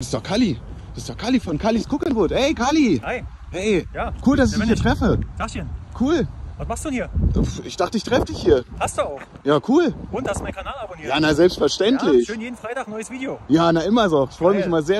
Das ist doch Kali. Das ist doch Kali von Kalis Kuckelwood. Hey Kali! Hi! Hey! Ja, cool, dass ich dich hier treffe. Tachchen. Cool. Was machst du denn hier? Ich dachte, ich treffe dich hier. Hast du auch. Ja, cool. Und hast meinen Kanal abonniert. Ja, na selbstverständlich. Ja, schön jeden Freitag neues Video. Ja, na immer so. Ich freue mich mal sehr.